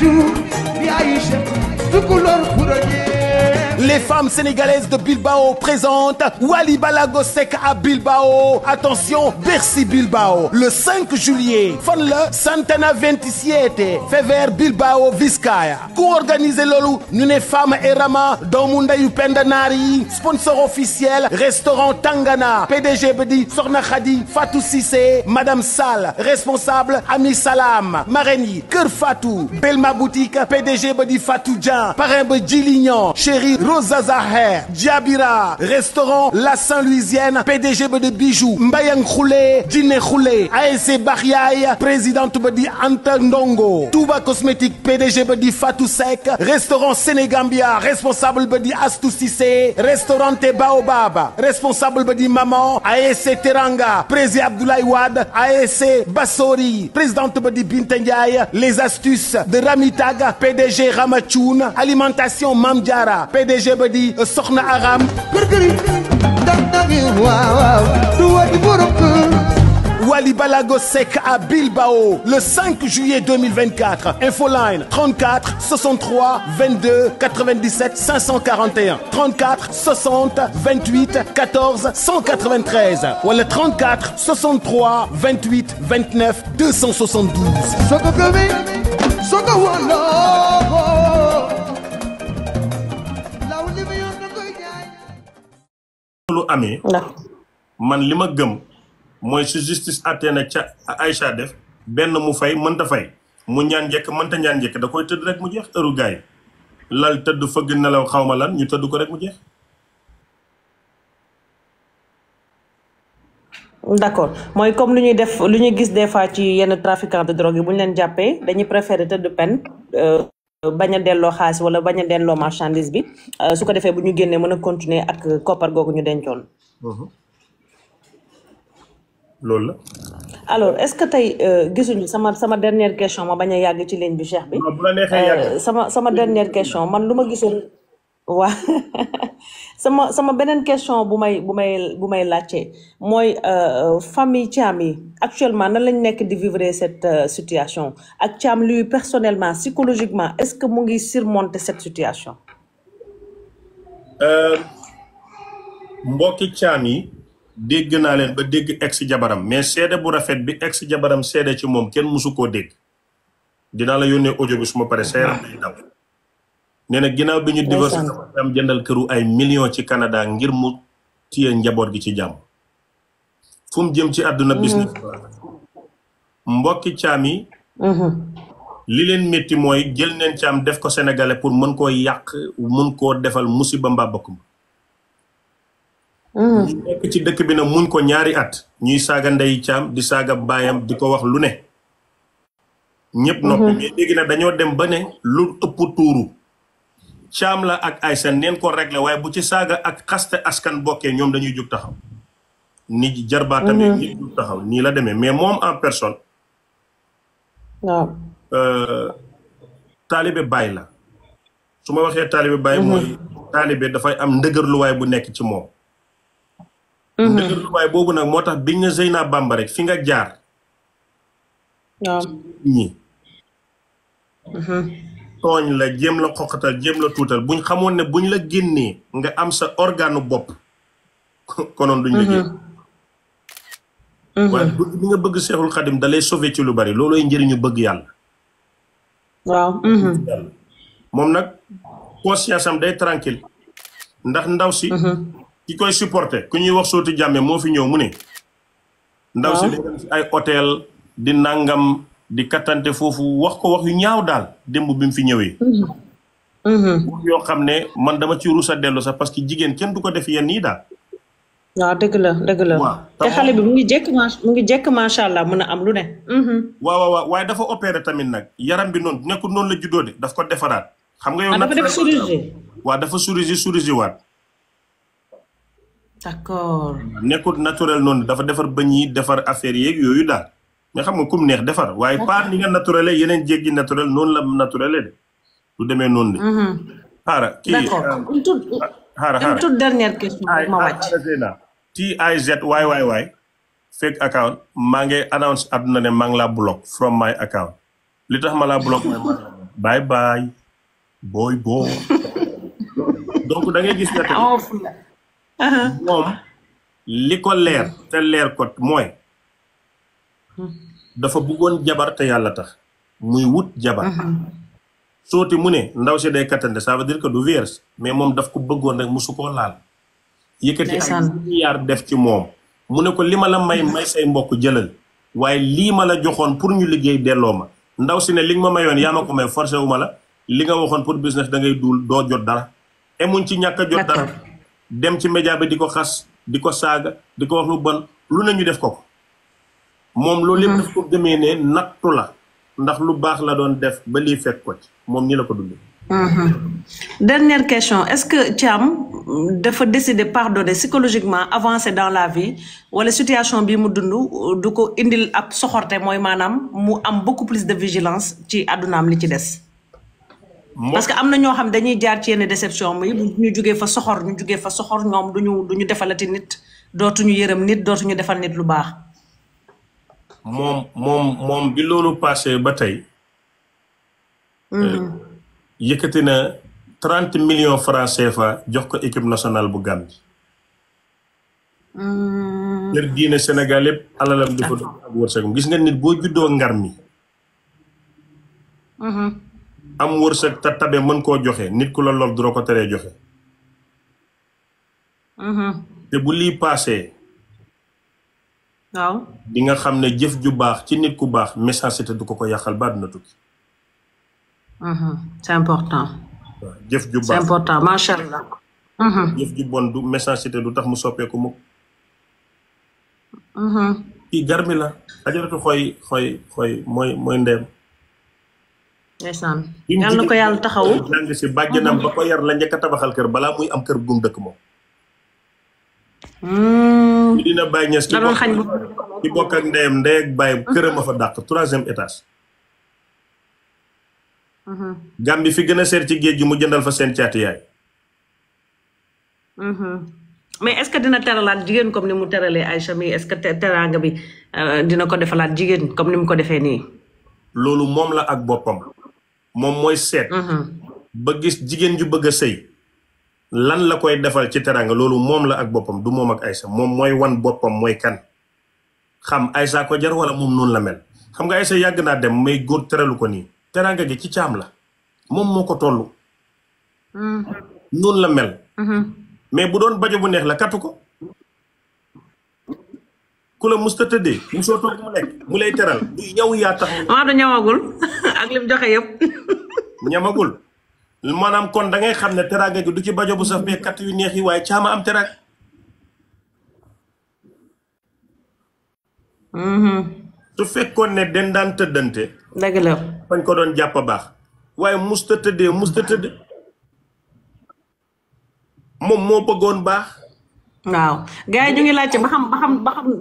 jour bi Aïcha du couleur pour Les femmes sénégalaises de Bilbao présentent Wally Balago Seck à Bilbao. Attention, Bercy Bilbao. Le 5 juillet, fan la Santana 27 Fever Bilbao Vizcaya. Co-organisé loolu ñu ne Fama et Rama doomu ndeyu Penda Naar yi sponsor officiel restaurant Tangana PDG bi di Soxna Khady Fatou Cissé Madame Sall responsable Ami Salam marraine yi Kër Belma boutique PDG ba di Fatou Dian parrain ba Djilignan Rosa Zaher Diabira restaurant La Saint-Louisienne PDG ba de Bijou Mbayang Khoulé Dine Khoulé ASC Bakhyaay présidente ba di Anta Ndongo Touba Cosmétique PDG ba di Fatou Seck restaurant Sénégambia responsable ba di Astou Cissé restaurant Te Baobab responsable ba di Maman ASC Teranga président Abdoulaye Wade ASC Bassori présidente ba di Binta les astuces de Ramitag PDG Ramachoun alimentation Mam DG ba di euh, soxna Aram kër-këri dag dagi waaw waaw du wadi borom kër Wally Balago Seck à Bilbao le 5 juillet 2024 infoline 34 63 22 97 541 34 60 28 14 193 wala 34 63 28 29 272. loolu amee. man li ma gëm mooy su justice àttee na ca Aïcha def benn mu fay mënta fay mu ñaan njëkk mënta ñaan njëkk da koy tëdd rek mu jeex heure gaay lal tëdd fëgg nelaw xaw ma lan ñu tëdd ko rek mu jeex. d'accord mooy comme lu ñuy def lu ñuy gis des fois ci yenn trafiquants de drogue yi bu ñu leen jàppee dañuy préférer tëdd peine. Euh, bañ a delloo xaalis wala bañ a delloo marchandise bi euh, su ko defee bu ñu génnee mën a continuer ak koppar googu ñu dencoon. Mhm. loolu la. alors est-ce que tey euh, gisuñu sama sama dernière question ma bañ yàgg ci ligne bi Cheikh bi. bu la neexee yàgg euh, sama sama dernière question man lu ma gisoon. waa sama sama beneen question bu may bu may bu may laajte mooy euh, euh, famille Thiam yi actuellement nan lañ nekk di vivre cette euh, situation ak Thiam lui personnellement psychologiquement est-ce que mu ngi surmonter cette situation. mbokki Thiam dégg naa leen ba dégg ex jabaram mais seede bu rafet bi ex jabaram seede ci moom kenn mësu koo dégg dinaa la yónnee audio bi suma ma paree. seeram day daw. nee na ginnaaw bi ñu divorcé am jëndal këru ay millions ci Canada ngir mu téye njaboot gi ci jàmm fu jëm ci àdduna mm. business mbokki caam yi mm-hmm. li leen metti mooy jël neen caam def ko sénégalais pour mën koo yàq mën koo defal musiba mbaa bokk ma mm-hmm. ñu nekk ci dëkk bi nag muñ ko ñaari at ñuy saaga ndey caam di saaga baayam di ko wax lu ne ñëpp noppi mm-hmm. mais léegi nag dañoo dem ba ne lu ëpp tuuru caam la ak aysa neen ko réglé waaye bu ci saaga ak xaste askan bokkee ñoom dañuy jug taxaw nit jarbaa tamit ñi mhm. taxaw nii la demee mais moom en personne waaw euh, taalibe bàyyi la su ma waxee taalibe bàyyi mhm. mooy taalibe dafay am ndëgërluwaay bu nekk ci moom mhm. ndëgërluwaay boobu nag moo tax biñ na Zeyna Bamba rek fi nga jaar ñi tooñ la jéem la xoqatal jéem la tuutal buñ xamoon ne buñ la génnee nga am sa organe bopp konoon duñ la mm-hmm. génn mm-hmm. waaye seexul xadim dalay sauver ci lu bari loolu loolooy njëriñu mm-hmm. bëgg yàlla moom nag conscience am day tranquille ndax ndaw si ki koy supporter ku ñuy wax sootu jàmme moo fi ñëw mu ne ndaw si ay hôtel di nangam di kattante foofu wax ko wax yu ñaaw daal démb bi mu fi ñëwee. Mm-hmm. Mm-hmm. yoo xam ne man dama ci rusa dellu sax parce que jigéen kenn du ko def yenn yi daal. waaw dëgg la dëgg la. te xale bi mu ngi jekk ma mu ngi jekk macha allah mën a am lu ne. Mm-hmm. waaw waaw waaye dafa opéré tamit nag yaram bi noonu nekkul noonu la juddoo de daf ko defaraat. xam nga yow ah, nag dafa def chirurgie. waaw dafa chirurgie chirurgie waat. d'accord. nekkul naturel noonu dafa defar bëñ yi defar affaire yeeg yooyu daal. mais xam nga kum neex defar waaye paar ni nga naturel yeneen jéeg yi naturel noon la naturel de du demee noonu de. Mhm. xaara kii d'accord euh, une toute une ah, àdduna maa ngi laa block from my li tax ma laa block gis ah, li ko leer te leer ko mooy mhm. dafa bëggoon jabar te yàlla tax muy wut jabar mhm. ti mu ne ndaw si day kattante ça veut dire que du vierge mais moom daf ko bëggoon rek musu koo laal yëkkati ay milliard def ci moom mu ne ko li ma la may mhm. may say mbokk jëlal waaye lii ma la joxoon pour ñu liggéey delloo ma ndaw si ne li nga ma mayoon yaa ma ko may forcé wu ma la li nga waxoon pour business da ngay duul doo jot dara emuñ ci ñàkk a jot dara dem ci média bi di ko xas di ko saaga di ko wax lu bon ñu def ko ko moom loolu lépp hmm. daf ko gëmee ne nattu la ndax lu baax la doon def ba lii fekk ko moom ñi la ko dundee. Hmm. dernière question est-ce que Thiam dafa décider pardonner psychologiquement avancer dans la vie wala situation bi mu dund du ko indil ab soxorte mooy maanaam mu am beaucoup plus de vigilance ci àddunaam li ci des. parce que am na ñoo xam dañuy jaar ci yenn déception muy ñu jugee fa soxor ñu jugee fa soxor ñoom du ñu du ñu defalati nit dootuñu yërëm nit dootu ñu defal nit lu baax. moom moom moom bi loolu passé ba tey. Mm-hmm. Euh, yëkkati na trente million francs CFA jox ko équipe nationale bu Gambie. Mm-hmm. kër diine Sénégal yëpp alalam di ko ak wërsëgam gis nga nit boo juddoo ngar mi. Mm-hmm. am wërsëg te tabe mën koo joxe nit ku la du ko teree joxe. te bu lii paasee waaw di nga xam ne jëf ju baax ci nit ku baax message te du ko ko yàqal ba na tukki. Mhm. c'est jëf ju baax c'est macha allah. Mhm. jëf ju bon du message te du tax mu soppeeku mukk. Mhm. kii garmi la ajaratu xooy xooy xooy mooy moy ndeem. ndeysaan yal na ko yàlla taxawu. jàng si bàjjanam ba ko yar la njëkk tabaxal kër bala muy am kër gum dëkk moom. Hmm. Medina Baye Niass ki bokk ki bokk ak ndeyam ndey ak baayam fa dàq troisième étage. Hmm. Gàmbi fi gën a seer ci géej gi mu jëndal fa seen caati hmm. mais est-ce que dina teralaat jigéen comme ni mu teralee Aïcha mi est-ce que teraanga bi euh, dina ko defalaat jigéen comme ni mu ko defee nii. loolu moom la ak boppam moom mooy seet. ba gis jigéen ju bëgg a sëy. lan la koy defal ci teranga loolu moom la ak boppam du moom ak Aysa moom mooy wan boppam mooy kan xam Aysa ko jar wala moom noonu la mel xam nga Aysa yàgg naa dem may góor teralu ko nii teranga gi ci caam la moom moo ko tollu hmm. noonu la mel hmm. mais bu doon bajo bu neex la kattu ko ku la musta tëddee mu soo toog mu lay teral du yaa tax Maodo ñamagul ak lim joxe yëpp ñamagul maanaam kon da ngay xam ne teraanga gi du ci bajo bu saf bee kat yu neex yi waaye caama am teraanga. Mm-hmm. su fekkoon ne den daan tëddante. dëgg la fañ ko doon jàpp baax. waaye musta tëddee musta tëdd moom moo bëggoon baax. waaw gaa yi ñu ngi laajte ba xam ba xam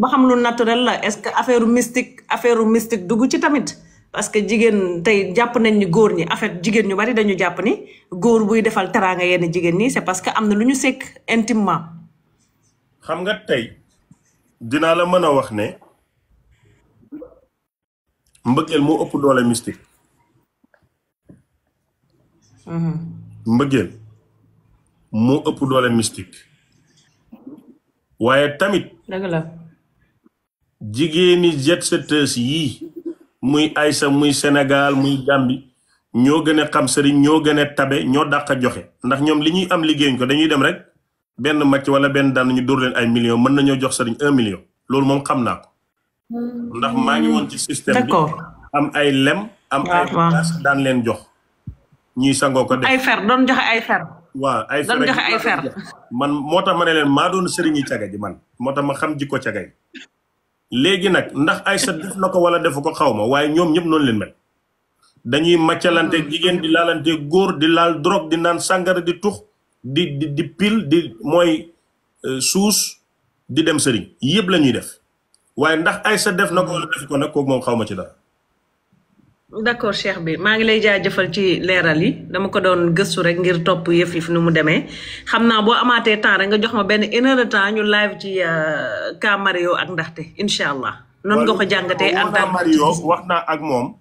ba xam lu naturel la est-ce affaire mystique affaire mystique dugg ci tamit. parce que jigéen tey jàpp nañ ñu góor ñi en fait jigéen ñu bari dañu jàpp ni góor buy defal teraanga yenn jigéen ñi c'est parce que am na lu ñu sekk intimement. xam nga tey dinaa la mën a wax ne mbëggeel moo ëpp doole mystique. Mhm. mbëggeel moo ëpp waaye tamit. dëgg la. jigéeni jet setteurs yii. muy Aïssa muy Sénégal muy Gambie ñoo gën a xam sëriñ ñoo gën a tabe ñoo daq a joxe ndax ñoom li ñuy am liggéeyuñ ko dañuy dem rek benn match wala benn daan ñu dóor leen ay millions mën nañoo jox sëriñ un million loolu moom xam naa ko. ndax maa ngi woon ci système bi am ay lem. am ay daan leen jox. ñuy sangoo ko def ay fer doon joxe ay fer. waaw ay fer doon joxe man moo tax ma ne leen maa doon sëriñi caga ji man moo tax ma xam jikko caga yi léegi nag ndax Aïcha def na ko wala defu ko xaw ma waaye ñoom ñëpp noonu leen mel dañuy maccalante hmm. jigéen di laalante góor di laal drogue di naan sàngara di tux di di di pil di mooy euh, suus di dem sëriñ yëpp la ñuy def waaye ndax Aïcha def na ko wala hmm. defu ko nag kooku moom xaw ma ci dara. d'accord Cheikh bi maa ngi lay jaajëfal ci leeral yi dama ko doon gëstu rek ngir topp yëf yi nu mu demee xam naa boo amaatee temps rek nga jox ma benn une heure ñu live ci euh, cas ak Ndaxte incha allah. noonu nga jàngatee en tant Mario ak moom.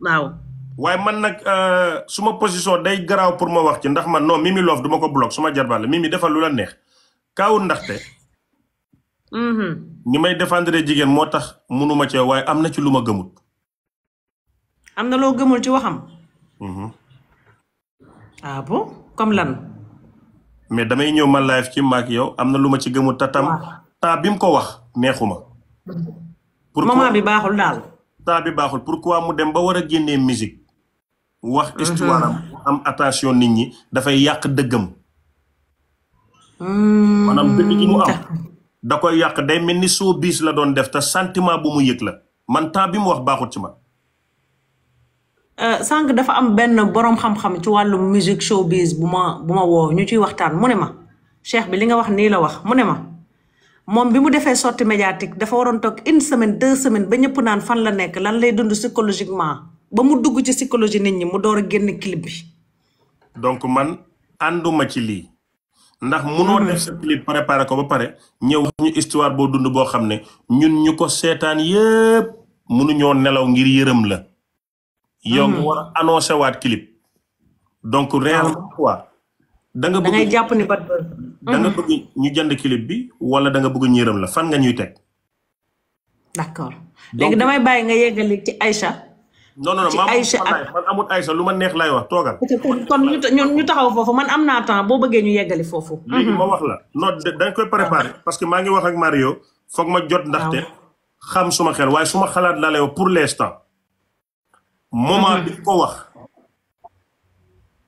waaw. waaye man nag euh, suma position day garaaw pour ma wax ci ndax man non Mimi Love du ma ko bloqué suma jarbaale Mimi defal lu la neex kaawul Ndaxte. Mm-hmm. ni may défendre jigéen moo tax munuma cee waaye am na ci lu ma gëmut. am na loo gëmul ci waxam. Mm-hmm. ah bon comme lan. mais damay ñëw ma live ci maak yow am na lu ma ci gëmul tatam. temps bi mu ko wax neexuma. pourquoi moment bi baaxul daal. temps bi baaxul pourquoi mu dem ba war a génnee musique. wax mm-hmm. histoire am attention nit ñi dafay yàq dëggam. Mm-hmm. maanaam dëgg gi mu am. da koy yàq day mel ni soo biis la doon def te sentiment bu mu yëg la man temps bi mu wax baaxul ci ma. Euh, sànq dafa am benn boroom xam-xam ci wàllu musique showbiz bu ma bu ma woo ñu ciy waxtaan mu ne ma cheikh bi li nga wax nii la wax mu ne ma moom bi mu defee sortie médiatique dafa waroon toog une semaine deux semaines ba ñëpp naan fan la nekk lan lay dund psychologiquement ba mu dugg ci psychologie nit ñi mu door a génn clip bi. donc man ànduma ci lii. ndax munoo mm-hmm. def sa clip préparé ko ba pare ñëw ñu histoire boo dund boo xam ne ñun ñu ko seetaan yépp munuñoo nelaw ngir yërëm la. yow mhm. war a annoncé waat clip. donc réellement quoi. da nga bëgg ngay jàpp ni bat da nga mhm. ñu jënd clip bi wala da nga bëgg ñiiram la fan nga ñuy teg. d'accord léegi damay bàyyi nga yeggali ci Aïcha. non non non man amul Aïcha lu ma neex laay wax toogal. kon ñu taxaw foofu man am naa temps boo bëggee ñu yeggali foofu. léegi mhm. ma wax la non dañ koy préparé parce que maa ngi wax ak Mario foog ma jot. ndaxte xam suma xel waaye suma xalaat laa lay wax pour l'instant. moment bi ko wax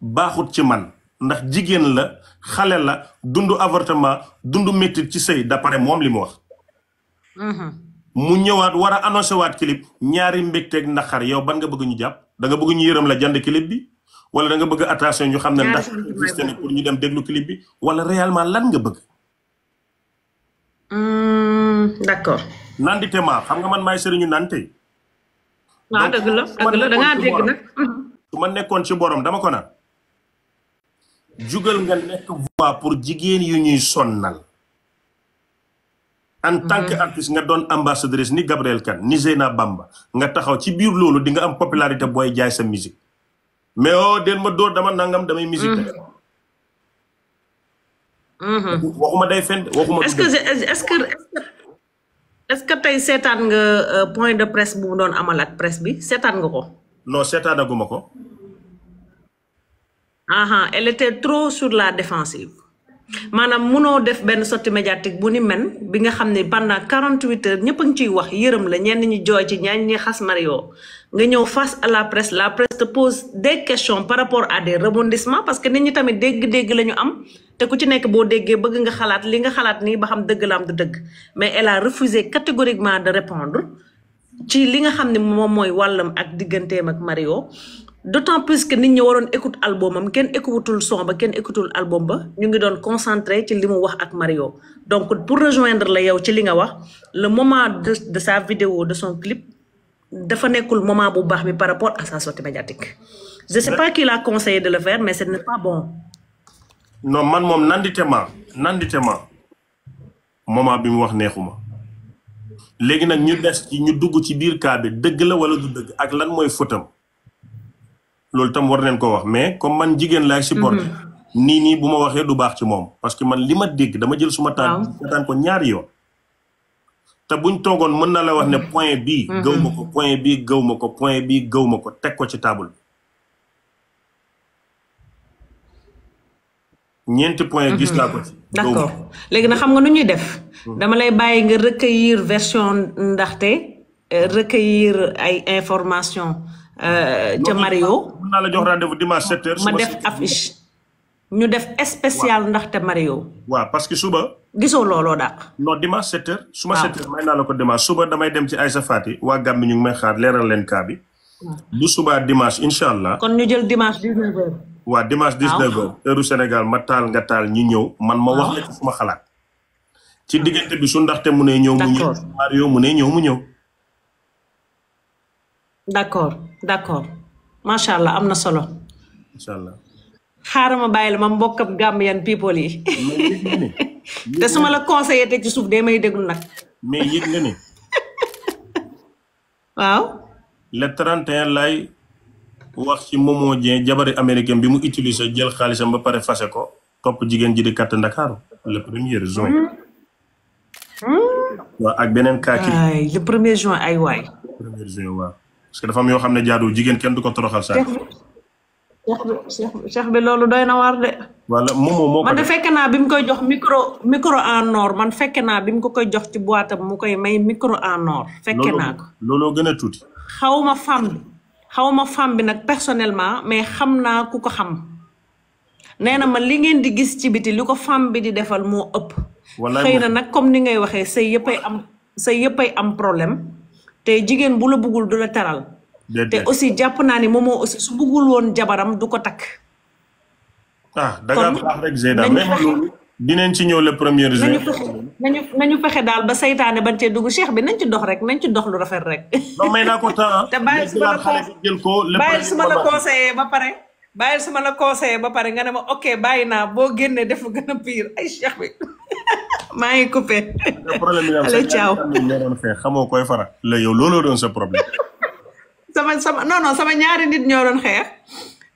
baaxut ci man ndax jigéen la xale la dundu avortement dundu métti ci sëy d'après moom li mu wax. Mm-hmm. mu ñëwaat war a annoncé waat clip ñaari mbégteeg naqar yow ban nga bëgg ñu jàpp danga bëgg ñu yërëm la jënd clip bi wala danga nga bëgg attention ñu xam ne ndax existé na pour ñu dem déglu clip bi wala réellement lan nga bëgg. Mm, d'accord. nandite ma xam nga man maay sëriñu nante. waaw dëgg la su ma nekkoon ci borom dama ko naan. jugal nga nekk voix pour jigéen yu ñuy sonnal. en tant que mm-hmm. artiste nga doon ambassadrice ni Gabriel Kane ni Zeyna Bamba nga taxaw ci biir loolu di nga am popularité booy jaay sa musique. mais oo oh, den ma dóor dama nangam damay musique. Mm-hmm. Mm-hmm. waxuma day fen waxuma. est-ce que est-ce que. est-ce que tey seetaan nga euh, point de presse bu mu doon amal ak presse bi seetaan nga ko. non seetaanaguma ko. aha elle était trop sur la défensive maanaam munoo def benn sortie médiatique bu ni men bi nga xam ne pendant quarante huit heures ñëpp a ngi ciy wax yërëm la ñenn ñi jooy ci ñaan ñi xas Mario nga ñëw face à la presse la presse te pose des questions par rapport à des rebondissements parce que nit ñi tamit dégg-dégg la ñu am. te ku ci nekk boo déggee bëgg nga xalaat li nga xalaat nii ba xam dëgg la am du dëgg mais elle a refusé catégoriquement de répondre ci li nga xam ne moom mooy wàllam ak digganteem ak Mario d'autant plus que nit ñi waroon écoute albumam kenn écoutul son ba kenn écoutul album ba ñu ngi doon concentré ci li mu wax ak Mario donc pour rejoindre la yow ci li nga wax le moment de de sa vidéo de son clip dafa nekkul moment bu baax mi par rapport à sa sortie médiatique je sais pas qui l'a conseillé de le faire mais ce n'est pas bon non man moom nanditema nanditema moment bi mu wax neexuma léegi nag ñu des ci ñu dugg ci biir cas bi dëgg la wala du dëgg ak lan mooy fëtam loolu tam war neen koo wax mais comme man jigéen laa supporté mhm. nii nii bu ma waxee du baax ci moom parce que man li ma dégg dama jël suma taan taan ko ñaari yoon te buñ toogoon mën na la wax ne mhm. point bii mhm. gaw ko point bii gaw ma ko point bii gëwuma ko teg ko ci taabul bi ñeenti point gis mhm. naa ko ci. léegi na xam nga nu ñuy def. Mhm. dama lay bàyyi nga recueillir version ndaxte euh, recueillir ay information euh, ca Mario. mën naa la jox rendez-vous dimanche ma def affiche. ñu def spécial ndaxte Mario. waaw parce que suba. gisoo looloo dàq. non dimanche 7h. su ma 7h may naa la ko dimanche suba damay dem ci ay Fati waa Gambie ñu may xaar leeral leen kaa bi. Hmm. bu subaa dimanche allah. kon ñu jël dimanche waa dimanche 19h ah, heure Sénégal ma taal nga taal ñu ñëw man ma wax ah. la ci suma xalaat. ci diggante bi su ndaxte mu ne ñëw mu ñëw. Mario mu ne ñëw mu ñëw. accord d' accord macha allah am na solo. macha allah. xaaral ma bàyyi la ma mbokkab Gambian people yi. te su ma la conseillé teg ci suuf dee may déglu nag. mais yëg nga ne. waaw. le lay. wax ci Momo Dieng jabari américain bi mu utilisé jël xaalisam ba pare fase ko topp jigéen ji di katt Ndakaaru le premier juin. Hmm? Hmm? waaw ak beneen kaa ki le premier juin ay waay. premier juin waaw parce que dafa yoo xam ne jaadu jigéen kenn du ko toroxal saa cheikh cheikh bi loolu doy na waar de. wala Momo moo ko man de fekk naa bi mu koy jox micro micro en noor man fekk naa bi mu ko koy jox ci boîte mu koy may micro en or. fekk naa ko looloo gën a tuuti. xaw ma femme xawma femme bi nag personnellement mais xam naa ku ko xam nee na ma li ngeen di gis ci biti li ko femme bi di defal moo ëpp xëy na nag comme ni ngay waxee sa yëppay am say yëppay am problème te jigéen bu la buggul du la teral te aussi jàpp naa ni moom moo aussi su buggul woon jabaram du ko takk ah da nga baax rek Zeyda mais dinañ ci ñëw le premier jour nañu nañu fexe daal ba seytaane ban cee dugg cheikh bi nañ ci dox rek nañ ci dox lu rafet rek. non may naa ko temps. te bàyyil su ma la bàyyil su ma la ba pare. bàyyil su la conseillé ba pare nga ne ma ok bàyyi naa boo génnee def gën a pire ay cheikh bi maa ngi coupé. problème yi am sax xamoo koy fara. la yow looloo doon sa problème. sama sama sama ñaari nit ñoo doon xeex.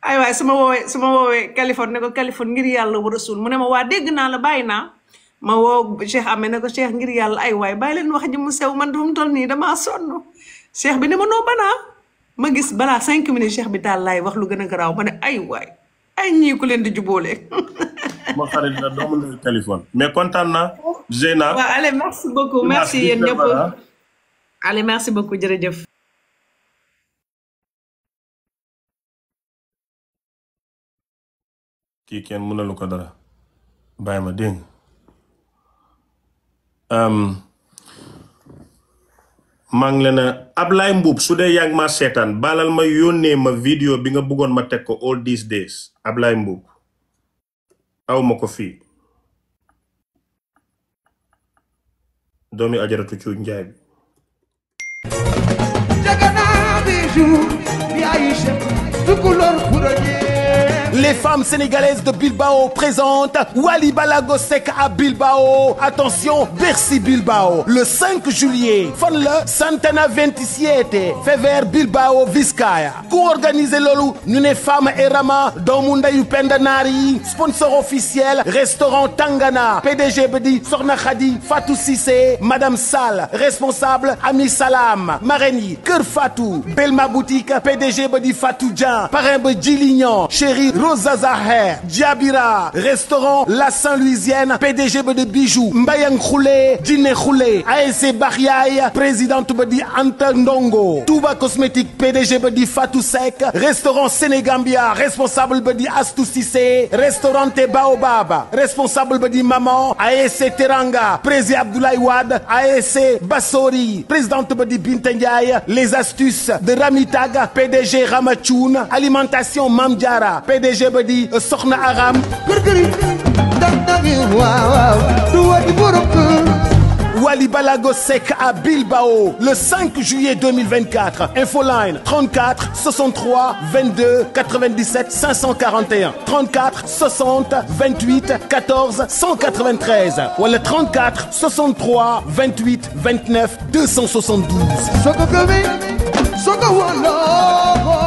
ay waay su ma woowee su ma woowee Californie ne ko Californie ngir yàlla wa rasul mu ne ma waa dégg naa la bàyyi naa. ma wow Cheikh Amé ne ko ngir yàlla ay waay bàyyi leen wax ji mu sew man dafa toll nii dama sonn Cheikh bi ne ma noo banaa ma gis balaa cinq minutes Cheikh bi daal laay wax lu gën a garaaw ma ne ay waay ay ñii ku leen di jubóole. ma mais kontaan na Zeyna waaw allez merci beaucoup jërëjëf. kii kenn mënalu ko dara bàyyi ma dégg maa ngi leen a Ablaye Mbuub su dee yaa ma seetaan baalal ma yónnee ma vidéo bi nga bëggoon ma teg ko all these days Ablaye Mbuub aw ma ko fii doomi ajaratu cu njaay bi Les femmes sénégalaises de Bilbao présentent Wally Balago Seck à Bilbao. Attention, Bercy Bilbao le 5 juillet. Fan la Santana 27 Fever Bilbao Vizcaya. Co-organisé loolu ñu ne Femme et Rama doomu ndeyu Penda Naar yi sponsor officiel restaurant Tangana PDG bi di Soxna Khadi Fatou Cissé Madame Sall responsable Ami Salam marraine yi Kër Belma boutique PDG ba di Fatou Dian parrain ba chéri Rosa Zaher Diabira restaurant La Saint-Louisienne PDG ba di Bijou Mbayang Khoulé Dine Khoulé ASC Bakhyaay présidente ba di Anta Ndongo Touba Cosmétique PDG ba di Fatou Seck restaurant Sénégambia responsable ba di Astou Cissé restaurant Baobab responsable ba di Maman ASC Teranga président Abdoulaye Wade ASC Bassori présidente ba di Binta Ndiaye les astuces de Ramitag PDG Ramathoun alimentation Mam PDG ba di euh, soxna Aram. kër kër yi dagdagi waaw waaw du wati borom kër. Wally Balago Seck à Bilbao le 5 juillet 2024 infoline 34 63 22 97 541 34 60 28 14 193 wala 34 63 28 29 272.